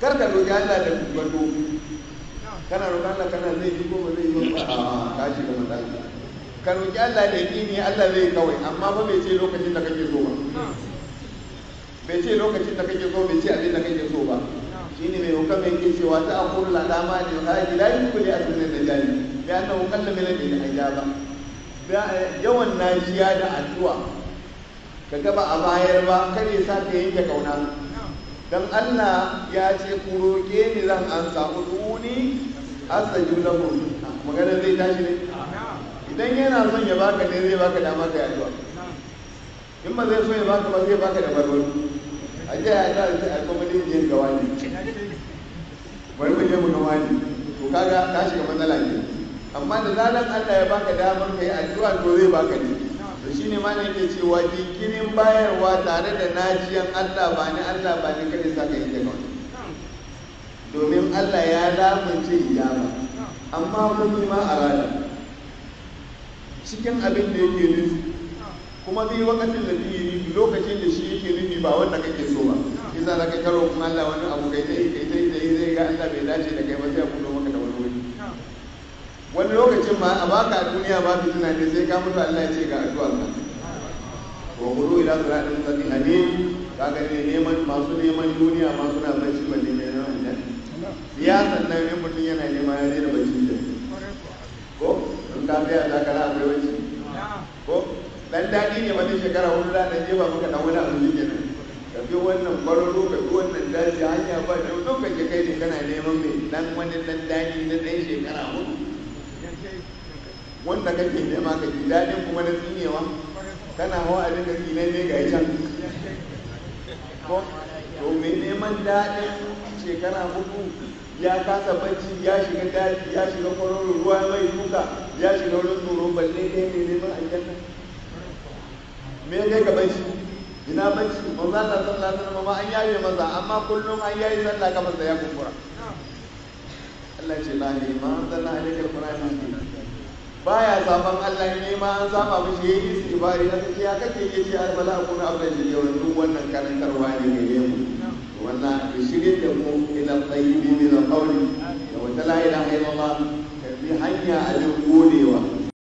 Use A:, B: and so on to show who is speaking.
A: kar ka roƙi Allah da gwado kana roƙi Allah kana zai yi ko zai yi ba ka da matsala ka roƙi Allah da yini Allah zai kawai amma ba bai ce lokacin da kake so ba bai ce lokacin da kake so bai ce abin da kake so ba ne mai hukam yake cewa ta akuru la dama ne ha ila a asmin da jani bi annahu kallama lil ba. yawan najiya da addu'a kaga ba a bayar ba kare sa ka yanke kauna dan Allah ya ce ku roke ni zan an samu duni asaju lahu magana zai tashi ne idan yana son ya baka ne zai baka dama ka yaduwa in ba zai so ya baka ba zai baka da barwaro a ce ya ta ce a kuma ne ga gawa ne bari mu je mu ga wani to kaga ka shiga matsala ne amma da zaran Allah ya baka ka kai addu'a to zai baka ne to shi ne mana yake cewa jinkirin bayarwa tare da najiyan Allah ba ni Allah ba ni kada sa kai yi da domin Allah ya lamunce iyama amma muni ma a rana cikin abin da yake nufi kuma zai wakatin da zai yi lokacin da shi yake nufi ba wanda kake so ba yasa zaka karo kuma Allah wani abu kai yi kai dai zai ga Allah bai dace da kai ba sai ku wani lokacin ma a baka a duniya ba fitina ne sai ka mutu Allah ya ce ga addu'a ka wa guru ila siratin mustaqim hadin kaga ne neman masu neman duniya ma suna san shi balle ne na Allah ya nan ne mutum yana nema ya da bacci da ko in ka tsaya za a akwai wani ko dan daɗi ne wani shekara wani da ɗan jefa maka ɗan wani abin jike nan ka bi wannan bararo ka bi wannan daji hanya ba da dukkan kai ne kana neman mai dan wani dan daɗi na ɗan shekara hudu wanda kake nema ka ji daɗin kuma na tsinewa kana hawa a dinga tsinan ne ga ya can ko to mai neman daɗin shekara hudu ya kasa bacci ya shiga daji ya shiga kwaroron ruwa mai duka ya shiga wurin tsoro balle ne mai neman aljanna me kai ka bacci ina bacci za Allah sallallahu alaihi wasallam an yaye maza amma kullum an yaye sallah kamar da ya kumbura Allah ce lahi ma an zanna a lekar Ba ya zaben Allah ne ma an zaba yi su ibari na ce ya kake ke ce yace albala kuna abdan da yawan duk wannan karantarwa ne ne mu wannan ya shirye da mu ila tayyibi min alqawli da wata la ilaha illallah ka bi hanya a duk